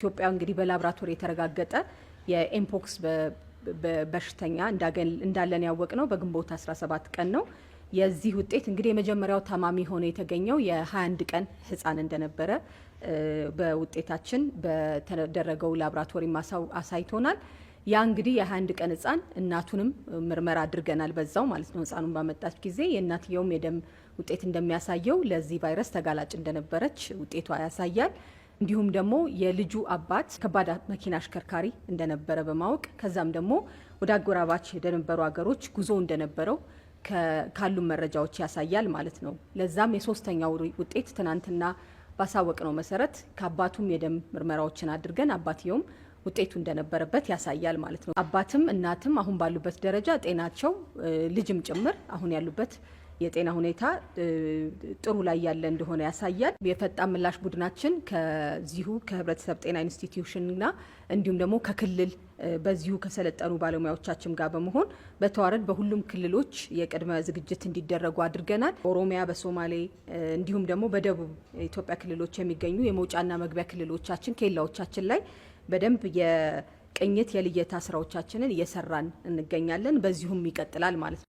ኢትዮጵያ እንግዲህ በላብራቶሪ የተረጋገጠ የኤምፖክስ በሽተኛ እንዳለን ያወቅ ነው በግንቦት 17 ቀን ነው። የዚህ ውጤት እንግዲህ የመጀመሪያው ታማሚ ሆኖ የተገኘው የ21 ቀን ህፃን እንደነበረ በውጤታችን በተደረገው ላብራቶሪ አሳይቶናል። ያ እንግዲህ የ21 ቀን ህፃን እናቱንም ምርመራ አድርገናል በዛው ማለት ነው። ህፃኑን ባመጣች ጊዜ የእናትየውም የደም ውጤት እንደሚያሳየው ለዚህ ቫይረስ ተጋላጭ እንደነበረች ውጤቷ ያሳያል። እንዲሁም ደግሞ የልጁ አባት ከባድ መኪና አሽከርካሪ እንደነበረ በማወቅ ከዛም ደግሞ ወደ አጎራባች ወደነበሩ ሀገሮች ጉዞ እንደነበረው ካሉ መረጃዎች ያሳያል ማለት ነው። ለዛም የሶስተኛው ውጤት ትናንትና ባሳወቅ ነው መሰረት ከአባቱም የደም ምርመራዎችን አድርገን አባትየውም ውጤቱ እንደነበረበት ያሳያል ማለት ነው። አባትም እናትም አሁን ባሉበት ደረጃ ጤናቸው ልጅም ጭምር አሁን ያሉበት የጤና ሁኔታ ጥሩ ላይ ያለ እንደሆነ ያሳያል። የፈጣን ምላሽ ቡድናችን ከዚሁ ከህብረተሰብ ጤና ኢንስቲትዩሽንና እንዲሁም ደግሞ ከክልል በዚሁ ከሰለጠኑ ባለሙያዎቻችን ጋር በመሆን በተዋረድ በሁሉም ክልሎች የቅድመ ዝግጅት እንዲደረጉ አድርገናል። በኦሮሚያ፣ በሶማሌ እንዲሁም ደግሞ በደቡብ ኢትዮጵያ ክልሎች የሚገኙ የመውጫና መግቢያ ክልሎቻችን ኬላዎቻችን ላይ በደንብ የቅኝት የልየታ ስራዎቻችንን እየሰራን እንገኛለን። በዚሁም ይቀጥላል ማለት ነው።